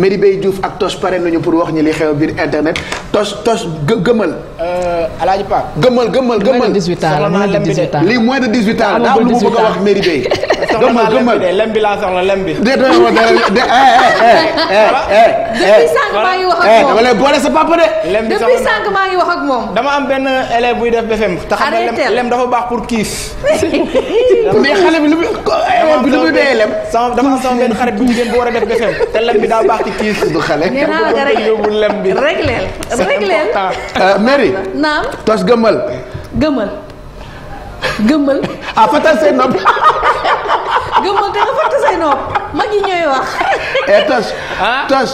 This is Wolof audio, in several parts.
Merry Beye Diouf ak Toch pare nañu pour wax ñi li xew biir internet Toch gë gëmal. Euh, Alaaji Pape. gëmmal gëmmal gëmmal. soxla naa lem bi de lii moins de 18 ans daa am lu mu bëgg a wax mairie bi. gëmmal gëmmal soxla naa lem bi laa soxla lem bi. de de depuis sànq maa ngi wax ak eh, moom dama lay boole sa papa de. lem bi depuis sànq maa ngi wax ak moom. dama am benn élève buy def BFM. te xam ne lem dafa baax pour kiis. mais xale bi lu muy élève eh, bi lu muy dee lem. sama dama am sama benn xarit bu jigéen bu war a def BFM te lem bi daa baax ci kiis. du xale. nee naa la nga réglé réglé réglé. Euh, mairie. naam tos gëmmal. gëmmal. gëmmal. ah fatal say nopp. gëmmal te nga fatal say nopp mag yi ñooy wax. eh tos. tos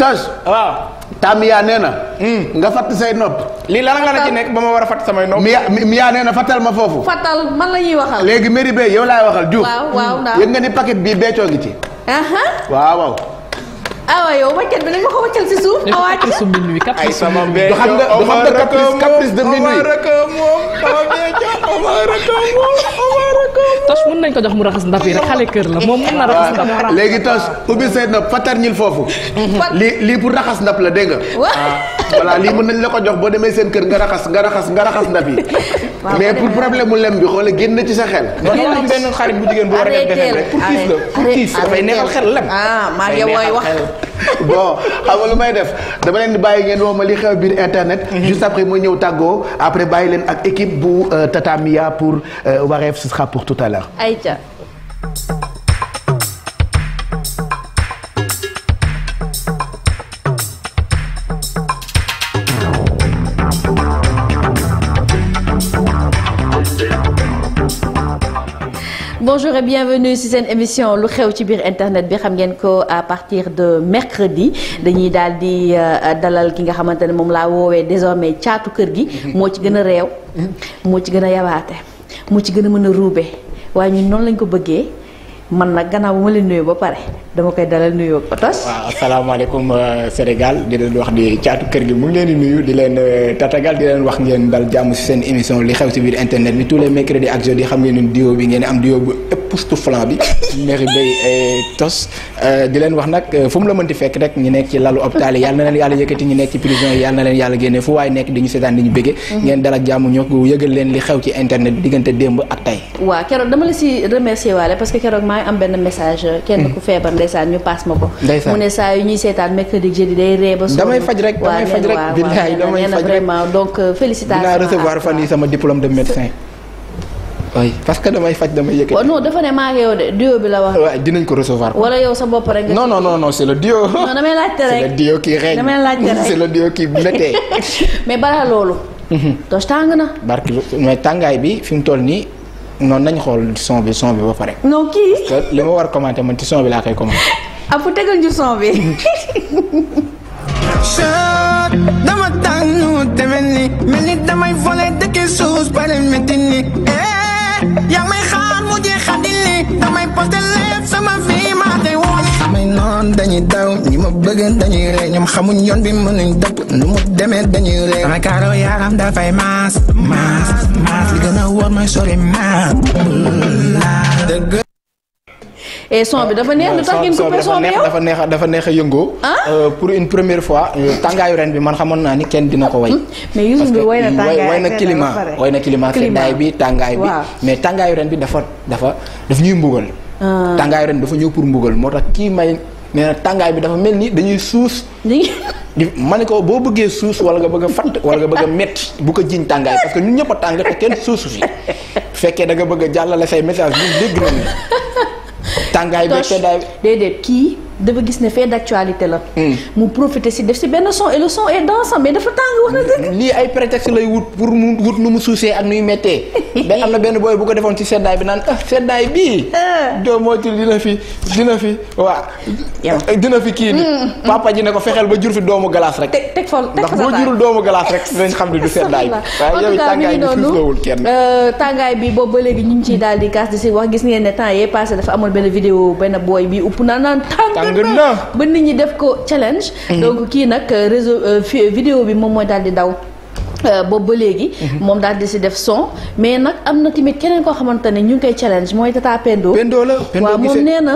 tos. waaw. Tamiya nee na. Hmm. nga fatt say nopp. lii lan la ci nekk ba ma war a fatt samay nopp. Miya Miya nee na fattal ma foofu. fattal man la ñuy waxal. léegi Merry Beye yow laay waxal Diouf. waaw waaw yëg nga ni paquet bii beccoo ngi ci. waaw waaw. awa yow wàccal bi nañ ma ko wàccal si suuf. awaati caprice minuit caprice minuit. du xam nga du xam nga caprice caprice de minuit. tos nañ ko jox mu raxas ndab yi rek xale kër la moom mën na raxas ndab. léegi tos ubbi seen na fatar ñil foofu. lii lii pour raxas ndab la dégg voilà lii mën nañ la ko jox boo demee seen kër nga raxas nga raxas nga raxas ndab mais pour problème mu lem bi xoola génn ci sa xel dañu am benn xarit bu jigéen bu war a def defee rek pour tiis la pour tiis dafay neexal xel lem maa ngi mooy wax bon xam lu may def dama leen di bàyyi ngeen woo ma li xew biir internet mhm. juste après mooy ñëw tàggoo après bàyyi leen ak équipe bu euh, Tata Mia pour euh, Wareef ce sera pour tout à l'heure bonjour et bienvenue ci seen émission lu xew ci biir internet bi xam ngeen ko à partir de mercredi dañuy daal di euh, dalal ki nga xamante ne moom laa woowee désormais caatu kër gi. moo ci gën a réew. moo ci gën a yabaate moo ci gën a mën a ruube waaye ñun noonu lañ ko bëggee. man nag gannaaw bu ma leen nuyoo ba pare dama koy dalal nuyoo ba tos. waaw asalaamaaleykum euh, Sénégal di leen wax di caatu kër gi mu ngi leen di nuyu di leen euh, tatagal di leen wax ngeen dal jàmm si seen émission li xew si biir internet bi tous les mercredis ak jeudi xam ngeen ni duo bi ngeen am duo bu ëpp Poustouflant bi mairie Bay eh, Tos eh, di leen wax nag eh, fu mu la fekk rek ñu nekk ci lalu hôpital yi yàlla na leen yàlla yëkkati ñu nekk ci prison yi na leen yàlla génne fu waaye nekk di ñu seetaan di ñu bége mhm. ngeen dal jàmm ñoo ko leen li xew ci internet bi diggante démb ak tey waaw keroog dama la si remercier waale parce que keroog maa ngi am benn message kenn ku mhm. feebar ndeysaan ñu paas ma ko mu ne saa yu ñuy seetaan mercredi jeudi day ree ba oui parce que damay faj damay yëkkati. waaw oh, non dafa ne maa ngi yow de duo bi la wax. dinañ ko recevoir. wala yow sa bopp rek. non non non non c'est le duo. non mais balaa loolu. Mhm. tos tàng na. barki mais tàngaay bi fi mu toll nii. noonu nañ xool son bi son bi ba pare. non kii. parce li ma war commenter man ci son bi laa koy commenter. ah fu tegal ñu son bi. yaa may xaar mu jeexa dili damay posté lépp sama vie maa tey woon may noon dañuy daw ñi ma bëgg dañuy rey ñoom xamuñ yoon bi mënuñ dëpp nu mu demee dañuy rey sama kaaro yaram dafay maas maas maas li gën a wóor mooy sori et son bi dafa neex lu tax euh, dafa neex dafa a yëngoo. Ah? Euh, pour une première fois euh, tàngaayu reen bi man xamoon naa ni kenn dina ko way. Hmm? mais Youssou bi way na tàngaay way na climat way na climat seddaay bi tàngaay bi. mais tàngaayu ren bi dafa dafa daf ñuy mbugal. Ah. tàngaayu ren dafa ñëw pour mbugal moo tax kii may nee tàngaay bi dafa mel ni dañuy suus. di ma ne ko boo bëggee suus wala nga bëgg fat fatt wala nga bëgg a bu ko jiñ tàngaay parce que ñun ñëpp a tàng te kenn suusu fi fekkee da nga bëgg a jàllale say message bi dégg tàngaay beeg seddaay déedéet kii. dafa gis ne fait actualité la. Hmm. mu profité si def si benn son et le son est dansant mais dafa tàng wax ay prétexte lay wut pour mu wut nu mu suusee ak nuy méttee. am na benn booy bu ko defoon ci seddaay bi naan ah seddaay bii. Ah. doom fi dina fi waa. Eh, dina fi kii hmm. ba jur fi doomu galaas rek. teg teg fa ndax doomu galaas rek xam ne du seddaay bi. waaye yow tàngaay bi suusoowul kenn. Euh, tàngaay bi boobu ba léegi ñu ngi ciy daal di kaas di si wax gis ngeen ne temps yee passé dafa amoon benn vidéo benn booy bi upp na naan tàng tàng na ba nit ñi def ko challenge. Eh. donc kii nag euh, réseau euh, euh, vidéo bi moom mooy daal di daw. boobu ba léegi. Mhm. moom daal di si def son. mais nag am na tamit keneen koo xamante ne ñu ngi koy challenge mooy tata Pendo. Pendo la Pendo gisee waaw moom nee na.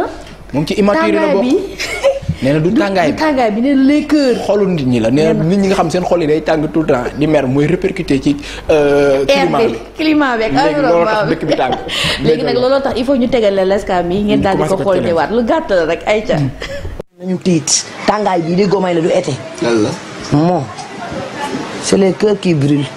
moom ci immature nee na du tàngaay bi tàngaay bi nee na les xolu nit ñi la nee na nit ñi nga xam seen xol yi day tàng tout le temps di mer mooy répercuté ci euh, climat bi climat bi léegi looloo tax bi tàng léegi nag looloo tax il faut ñu tegalee les l'escale mi ngeen daal di ko xool waat lu gàtt la rek ay ca hmm. nañu tiit tàngaay bii de gomay la du été lan la moom c'est les cœurs qui brûlent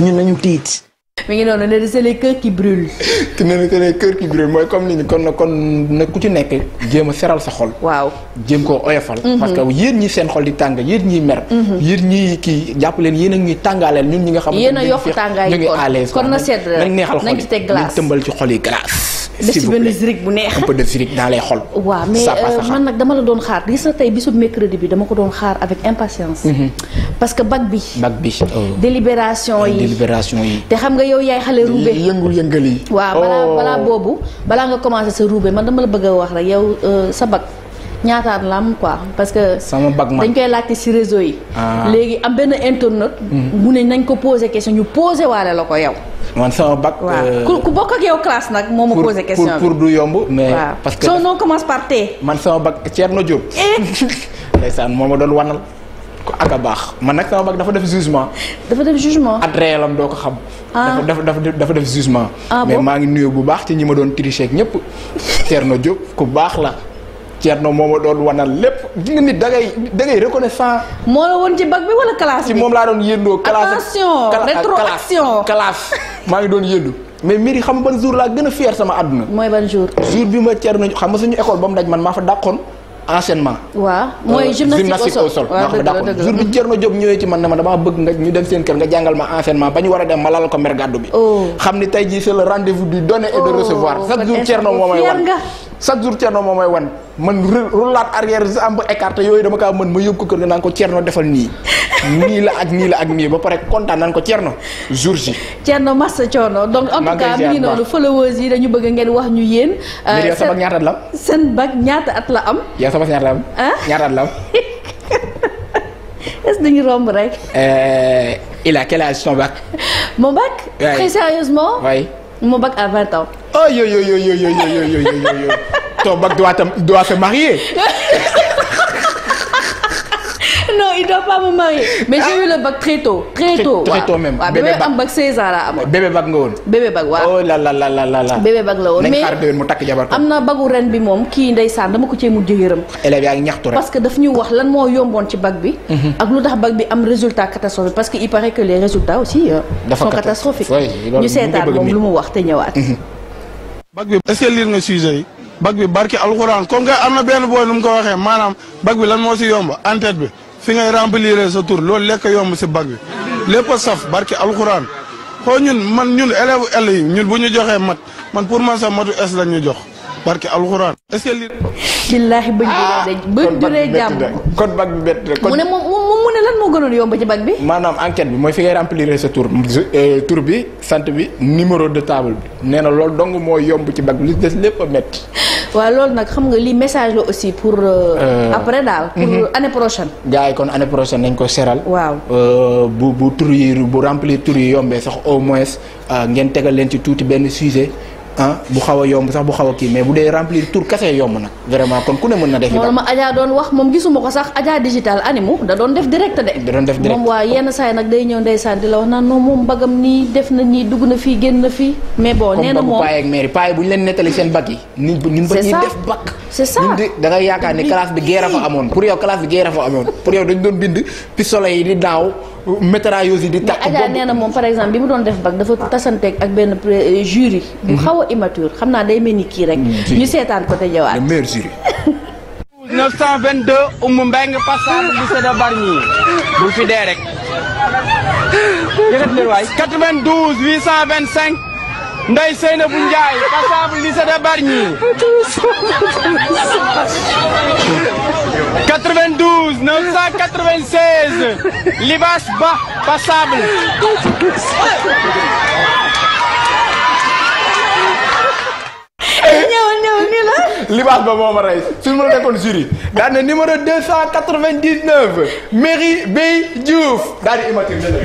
ñun nañu tiit mi ngi noonu ne c'est les cœurs qui brûlent. ki ne c'est les cœurs qui mooy comme ni ñu kon na kon na ku ci nekk jéem a seral sa xol. waaw jéem koo oyofal. Mhm. parce que yéen ñi seen xol di tàng yéen ñiy mer. Mhm. yéen ñi kii jàpp leen yéen a ñuy tàngaaleel ñun ñi nga xam. yéen a yokk tàngaay ñu ngi à na sedd nañ neexal xol yi nañ tëmbal ci xol yi glace. s'il vous plaît de bu neex. un peu de zirik dans les xol. waaw mais euh, man nag dama la doon xaar gis sa tey bisub mercredi bi dama ko doon xaar avec impatience. Mhm. parce que bac bi. bac bi oh. délibération yi délibération yi. te xam nga yow yaay xale ruube yëngul yëngal yi. waaw balaa oh. balaa boobu balaa nga commencé sa ruube man dama la bëgg a wax rek yow euh, sa bac. ñaataat la am quoi parce que. sama bag man dañ koy laajte si réseau yi. Ah. léegi am benn internaute. Mhm. mu ne nañ ko posé question ñu posé waale la ko yow. man sama bac. waaw euh, ku bokk ak yow classe nag moo ma posé question pour du yomb. mais parce que son nom commence par T. man sama bac Thierno Diop. Eh. ndeysaan moom ma doon wanal. ko ak a baax man nag sama bac dafa def jugement. dafa def jugement. at réelam doo ko xam. Ah. dafa dafa dafa def jugement. Ah mais maa ngi nuyu bu baax ci ñi ma doon tricher ak ñëpp. Thierno Diop ku baax la. Thierno moo ma doon wanal lépp gi nga nit da ngay reconnaissant. moo la woon ci bac bi wala classe ci moom laa doon yëndoo. classe attention rétroaction classe maa ngi doon yëndu. mais miri xam ban a fier sama xam nga suñu école ba mu daj man maa fa dàqoon enseignement. waaw mooy euh, gymnastique au sol waaw dëgg la jour bi Thierno Diop ñëwee ci man ne ma damaa bëgg nga ñu dem seen kër nga jàngal ma enseignement ba ñu war a dem ma lal ko mer gàddu bi. Oh. xam ni tey jii c'est le du donner et de oh, recevoir chaque jour Thierno moom mooy wan man roulaat arrière jambe écarté yooyu dama kaa mën ma yóbbu ko kër nga naan ko Thierno defal nii nii la ak nii la ak nii ba pare kontaan naan ko Thierno jour ji. Thierno Massa Thierno donc en tout cas mi ngi noonu followers yi dañu bëgg ngeen wax ñu yéen. Euh, sa bag ñaata at la am. seen bag ñaata at la am. yow sa bag ñaata la am. ñaata at la am. est-ce dañu romb rek. Euh, il a quel âge son bac. mon bac. très sérieusement. Oh yo yo yo yo yo yo yo yo yo yo yo ton bac doit te, pas me marier. mais j'ai eu le très tôt. très tôt très tôt même. waaw bébé am bac 16 ans laa amoon. bébé bac nga woon. bébé bac waaw oh la la la la la. bébé bac la am na bagu ren bi moom kii saan dama ko cee mujj yërëm. élèves yaa ngi ñaxtu rek. parce que daf ñu wax lan moo yomboon ci bac bi. ak lu tax bag bi am résultat catastrophique parce que il paraît que les résultats aussi. dafa catastrophique ñu seetaan moom lu mu wax te ñëwaat. bag bi est-ce que liir nga sujet yi bag bi barki alxuraan comme que am na benn booy nu mu ko waxee maanaam bag bi lan moo si yomb en-tête bi fi ngay remplir sa tur loolu lekk yomb si bag bi lépp a saf barki alxuraan xoo ñun man ñun élève el yi ñun bu ñu joxee mat man pour man sax matu es lañ ñu jox barke alxuraan est-ce que li. billaahi bëñ ah! bi juree jàmm code bac bi bett rek. mu ne moom mu ne lan moo gënoon yomb ci bac bi. maanaam enquête bi mooy fi ngay remplir sa tur euh, tur bi sant bi numéro de table bi nee na loolu dong moo yomb ci bag bi li des lépp a métti. waaw loolu nag xam nga li message la aussi pour. Euh, euh, après daal pour mhm. année prochaine. gars yi kon année prochaine nañ ko seral. waaw bu bu tur yi bu remplier tur yi yombee sax au moins ngeen tegal leen ci tuuti benn sujet. ah bu xaw a yomb sax bu xaw kii mais bu dee remplir tour kese yomb nag vraiment kon ku ne mën na def. loolu ma Adja doon wax moom gisuma ko sax Adja digital animu da doon def direct de. da doon def direct moom waa yenn saa yi nag day ñëw ndeysaan di la wax naan non moom bagam nii def na nii dugg na fii génn na fii. mais bon nee na moom comme ak mairie paay bu ñu leen nettali seen bag yi. nit ñun ba ñuy def bag. c'est ça ñun de da ngay yaakaar ne classe bi guerre pour yow classe bi yow dañu doon bind pistolet yi di métérailleuses yi di tàq Adja nee na moom par exemple bi mu doon def bac dafa tasanteeg ak benn euh, jury bu mhm. xaw a immature xam naa day mel ni kii rek mm, ñu seetaan ko te ñëwaat le meilleur jury 922 Oumou Mbengue passage lycée de Bargny bu fi dee rek yëkkat leen waay 92 825 Ndeye Seynabou Ndiaye passage lycée de Bargny 92 996 Libaas Ba passable. Eh, ñëw ñëw nii la. Libaas Ba moo ma rey suñu ma nekkoon jury daan na numéro 299 Mairie Bey Diouf daal di immatriculé.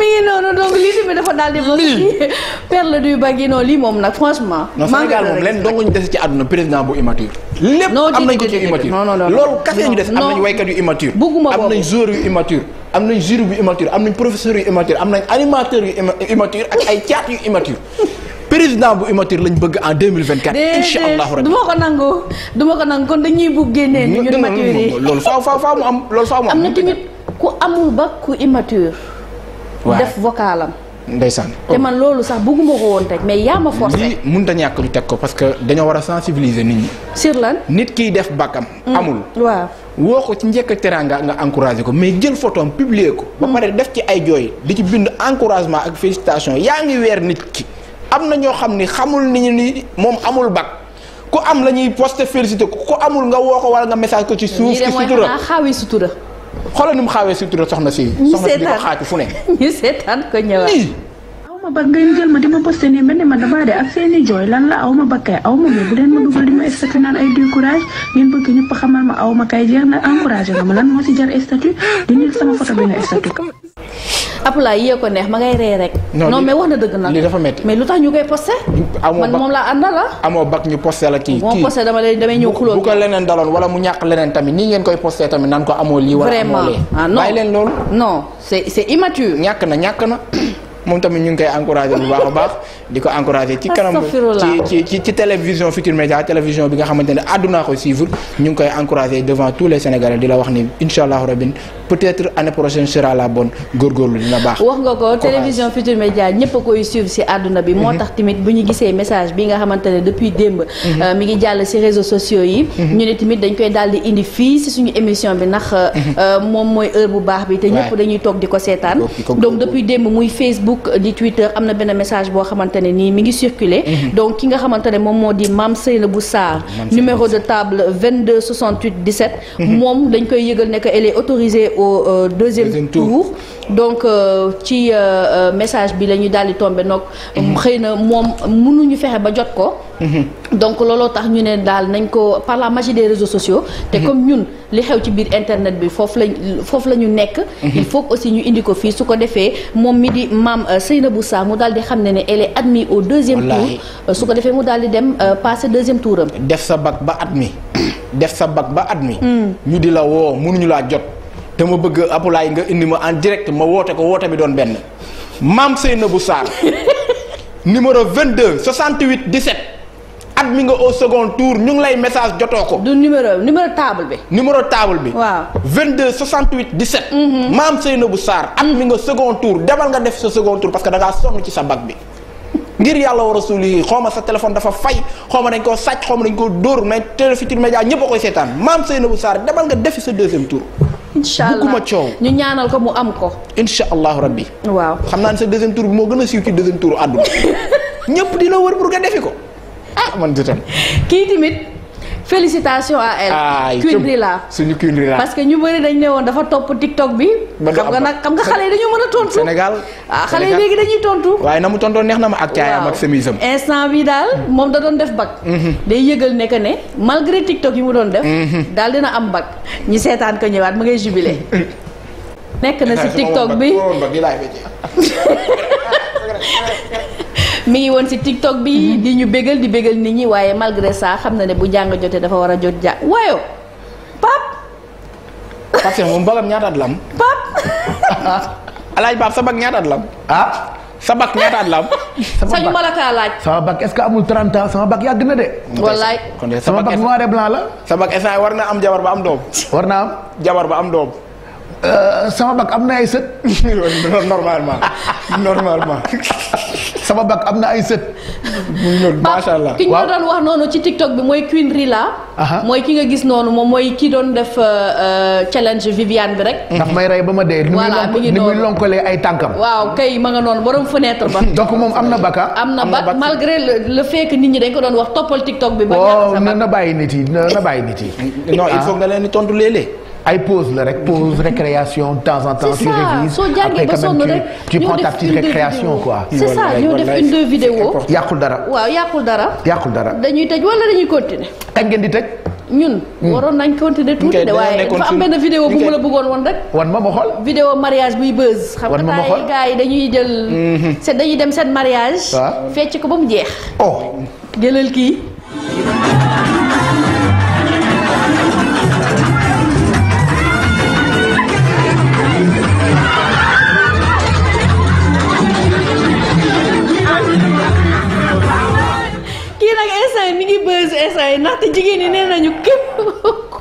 mi ngi noonu donc lii tamit dafa daal di bokk ci perle du Baguino lii moom nag franchement. non moom leen dong ñu dese ci àdduna président bu immature. lépp am nañ ko ci immature loolu kese ñu des am nañ waykat yu immature. bugguma boobu am nañ joueur yu immature. am nañ professeur yu immature am nañ animateur yu immature ak ay caat yu immature. président bu immature lañ bëgg en 2024. incha allahu rabbi du ma ko nangu du ma ko kon dañuy bugg génnee. ñu immature yi loolu faaw faaw mu am loolu faaw mu am. am na tamit ku amul ba ku immature. def vocalam ndeysaan te man loolu sax bëgguma ko woon teg mais yaa ma forcé lii mënut a ñàkk ñu teg ko parce que dañoo war a sensibiliser nit ñi. sur lan nit kiy def bàkkam. Mm. amul waaw. woo ko ci njëkk ak teraanga nga encouragé ko mais jël photo am publier ko. ba mm. pare def ci ay jooy di ci bind encouragement ak félicitation yaa ngi weer nit ki. am na ñoo xam ni xamul ni ñu ni moom amul bac ku am la ñuy posté félicité ko ku amul nga woo ko wala nga message ko ci suuf. ci xoolal nu mu xaawee sutura soxna si. ñu seetaan soxna si di ko xaaju fu ne. ñu seetaan ko ñëwaat. aw ma ba ngeen jël ma di ma posté nii mel ma damaa de ak seeni jooy lan la aw ba kay aw ma mais bu leen ma dugal di ma statut naan ay décourage ngeen bëgg ñëpp xamal ma aw kay jeex na encouragé la ma lan moo si jar statut di nil sama photo bi na statut. Apulaay yee ko neex ma ngay ree rek. non mais wax na dëgg nag. li dafa métti mais lu tax ñu koy posté. amoo man moom laa àndal la. Ah. amoo bak ñu posté la kii. kii posté dama lay damay ñëw xuloo bu ko leneen daloon wala mu ñàkk leneen tamit nii ngeen koy posté tamit nan ko amoo lii. wala amoo lee vraiment ah non leen loolu. non c'est c'est immature. ñàkk na ñàkk na. moom tamit ñu ngi koy encouragé bu baax a baax di ko encouragé ci kanam ci ci télévision Futur Média télévision bi nga xamante ne àdduna ko suivre ñu ngi koy encouragé devant tous les Sénégalais di la wax ni incha allah rabin peut-être année prochaine la bonne góorgóorlu dina baax. wax nga ko télévision Futur Média ñëpp koy suivre si àdduna bi. moo mhm. tax tamit bu ñu gisee message bi nga xamante ne depuis démb. Mhm. Euh, mi ngi jàll si réseaux sociaux yi. Mhm. ñu ne tamit dañ koy daal di indi fii si suñu émission bi ndax. Euh, moom mooy heure bu baax bi. te ñëpp dañuy toog di ko seetaan. Facebook di Twitter am na benn message boo xamante ne nii mi ngi circuler mhm. donc ki nga xamante ne moom moo di Mame Seynabou Sarr numéro de table 22 68 17 moom dañ koy yëgal ne que elle est autorisée au euh, deuxième tour donc euh, ci euh, message bi la ñu daal di tombé noog mhm. xëy na moom mënuñu fexe ba jot ko mhm. donc looloo tax ñu ne daal nañ ko par la magie des réseaux sociaux te mhm. comme ñun li xew ci biir internet bi foofu lañ foofu la ñu nekk mhm. il faut aussi ñu indi ko fii su ko defee moom mi di maam euh, Seynabou Sarr mu daal di xam ne ne elle est admise au deuxième tour euh, su ko defee mu daal di dem euh, passé deuxième touram def sa bac ba admis def sa bac ba admis mm. ñu di la woo mënuñu laa jot te ma bëgg apulaay nga indi ma en direct ma woote ko woote bi doon benn maam Seynabou Sarr numéro 22 68 17 mi nga au second tour ñu ngi lay message jotoo ko. du numéro numéro table bi. numéro table bi. waaw 22 68 17. maam Seynabou Sarr admis nga second tour demal nga def sa second tour parce que da ngaa ci sa bac bi. ngir yàlla war a suuli xaw ma sa téléphone dafa fay xaw ma dañ koo sàcc xaw ma dañ koo dóor mais Télé ñëpp koy seetaan maam Seynabou Sarr demal nga defi sa deuxième tour. incha allah bugguma coow ñu ñaanal ko mu am ko. incha allahu rabbi. waaw xam naa ne sa moo gën a siiw ci deuxième tour àdduna ñëpp dina wër pour nga defi ko. ah man di tam kii tamit félicitations à elle. ay suñu Queen Rila parce que ñu bëri dañ ne woon dafa topp TikTok bi. xam nga nag xam nga xale yi dañoo mën a tontu. Sénégal ah xale yi léegi dañuy tontu. waaye na mu tontoon neex na ma ak caayam ak semisam. instant bi daal moom da doon def bac. Mhm. day yëgal ne que ne malgré TikTok yi mu doon def. Mhm. daal dina am bac ñi seetaan ko ñëwaat mu ngay jubilé. nekk na si TikTok bi. mi ngi woon si TikTok bi mhm. di ñu béggal di bégal nit ñi waaye malgré saa xam na ne bu jàng jotee dafa war a jot jàng waayo Pape. Pape moom balam ñaataat la am. ñaataat la am ah. sa bag ñaataat la laaj. sama bag est-ce que amul 30 ans sama bag yàgg na de. wallaay sama bag noir blanc la. sa bag instant war na am jabar ba am doom. war na am. jabar ba am doom. Euh, sama bag am na ay sët. normalement. normalement sama bag am na ay sët. macha allah ki ñu doon wax noonu ci TikTok bi mooy Queen Rila. mooy ki nga gis noonu moom mooy ki doon def euh, euh, challenge Viviane bi rek. ndax may rey ba ma dee. voilà mi ngi ni muy ay tànkam. waaw kay ma nga noonu borom fenêtre ba. donc moom am na baka am na bak malgré le fait que nit ñi dañ ko doon wax toppal TikTok bi. ba oh, ñaata sa na bàyyi nit yi na bàyyi nit yi. non il nga leen di tontu léeg-léeg ay pause la rek pause récréation de temps en temps. tu révises soo jàngee ba sonn rek tu prends ta petite récréation quoi. c'est ça ñu def une deux vidéo yàqul dara. waaw yàqul dara. yàqul dara dañuy tëj wala dañuy continuer. kañ ngeen di tëj. ñun. Hmm. waroon nañ continuer tuuti de waaye dafa am benn vidéo bu mu la bëggoon woon rek. wan ma ma xool. vidéo mariage buy buzz. xam nga taay gars yi dañuy jël. Mhm. seen dañuy dem seen mariage. waaw ah. fecc ko ba mu jeex. oh. jëlal kii. ngi bës instant yi ndaxte jigéen ñi nee nañu képp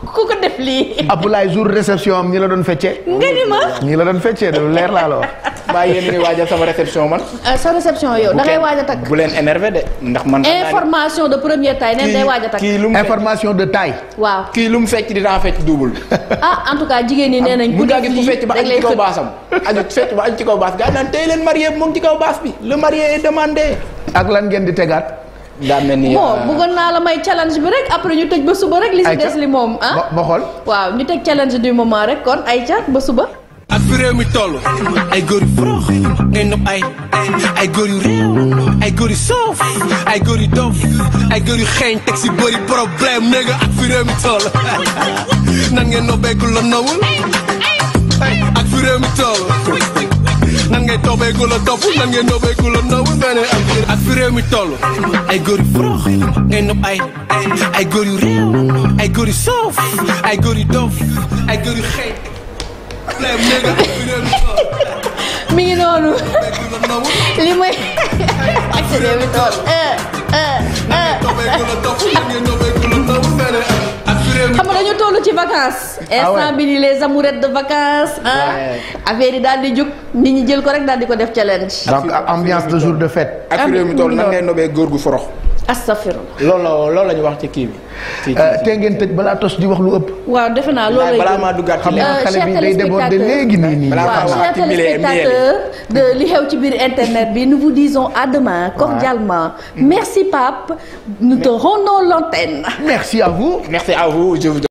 ku ko def lii. Abdoulaye jour réception am ñi la doon feccee. nga ni ma ñi la doon feccee de leer laa la wax. mbaa yéen ni waajal sama réception man. Ah, sa réception yow da ngay waaj a takk. bu leen énervé de ndax man. information de première taille nee day waaj a takk. kii lu mu information de taille. waaw kii lu mu fecc dinaa fecc double. ah en tout cas jigéen ñi nee nañ. bu dee lii fecc ba añ ci kaw baasam. aju fecc ba añ ci kaw baas gaa naan tey leen marié moom ci kaw baas bi le marié est demandé. ak lan ngeen di tegaat. daa mel ni bon euh, bëggoon naa la may challenge bi rek après ñu tëj ba suba rek. li si des li moom ah xool. waaw ñu teg challenge du moment rek kon ay ca ba suba. ak fi réew mi toll ay góor yu forox góor yu réew ay góor yu soof ay góor yu dof ay góor yu xeeñ teg si bëri problème néega ak fi réew mi toll nan ngeen nobbeeku la nawul ak fi réew mi toll nan ngay toobee ku la topp nan ngay noobee ku la noobu feneen ak fi ak fi réew mi toll ay góor yu frox ngay nopp ay ay góor yu réew ay góor yu soof ay góor yu dof ay góor yu xëy mi ngi noonu li may ak fi réew mi toll eh, eh, eh. vacances. Ah instant bi nii les amourettes de vacances. ah affaire yi daal di jug nit ñi jël ko rek daal di ko def challenge. donc ambiance de jour de fête. ak réew mi toll nan ngay nobee góor gu la ñu wax ci kii bi. Euh, tey ngeen tëj balaa tos di wax lu ëpp. waaw defe naa loolu lay balaa maa duggaat ci euh, xale bi day débordé nii nii. waaw chers téléspectateurs xew ci biir internet bi nous vous disons à demain cordialement. merci Pape nous te rendons l'antenne. merci à vous. merci à vous vous.